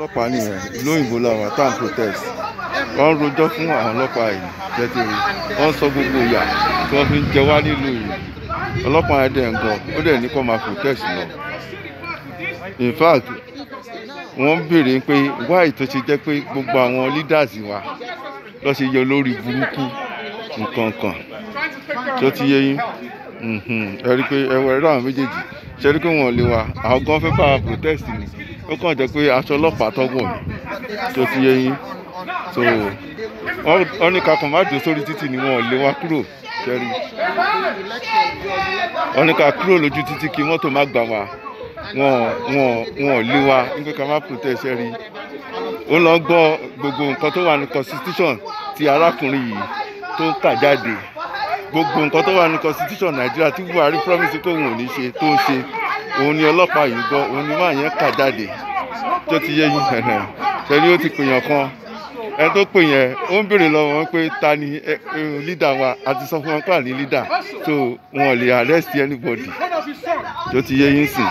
ọlọ́pàá nìyẹn lóyìnbó làwọn táwọn protest wọ́n rojọ́ fún àwọn ọlọ́pàá yìí tẹ́tẹ́ wọ́n sọ gbogbo ìyà tí wọ́n fi ń jẹ wá nílùú yìí ọlọ́pàá yẹn dẹ̀ ń gan ó dẹ̀ ní kó máa protest lọ in fact wọ́n béèrè pé why tó ṣe jẹ́ pé gbogbo àwọn leaders wa lọ́ ṣe yọ lórí burúkú nǹkan kan tó ti yé yín mm-hmm. ẹ rí i pé ẹ wọ ẹ rí àwọn méjèèjì ṣe rí i pé wọn ò lè wa àwọn gan fẹ́ bá protest ni ó kàn jẹ́ pé aṣọ ọlọ́pàá tọ́gùn tó ti yé yín so wọ́n ní kakàn má dùn sórí títì ni wọ́n lé wá kúrò kẹrí wọ́n ní ká kúrò lójú títì kí mọ́tò má gbà wá wọ́n wọ́n wọ́n lé wá nígbà ká má protest ẹ̀rí ó lọ gbọ́ gbogbo nǹkan tó wà ní constitution ti arákùnrin yìí tó ń kà jáde gbogbo nǹkan tó wà ní constitution nàìjíríà tí buhari promise kóhun ò ní ṣe tó ń ṣe òun ni ọlọ́pàá yìí gbọ́ òun ni máa yẹn kà jáde tó ti yé yín ẹ̀hẹ̀ ṣẹ́ni ó ti pèèyàn kan ẹ tó pè yẹn ó ń béèrè lọ́wọ́ wọn pé ta ni lídà wa àti sọ fún wọn pé àní lídà so wọn ò lè arrest anybody tó ti yé yín sìn.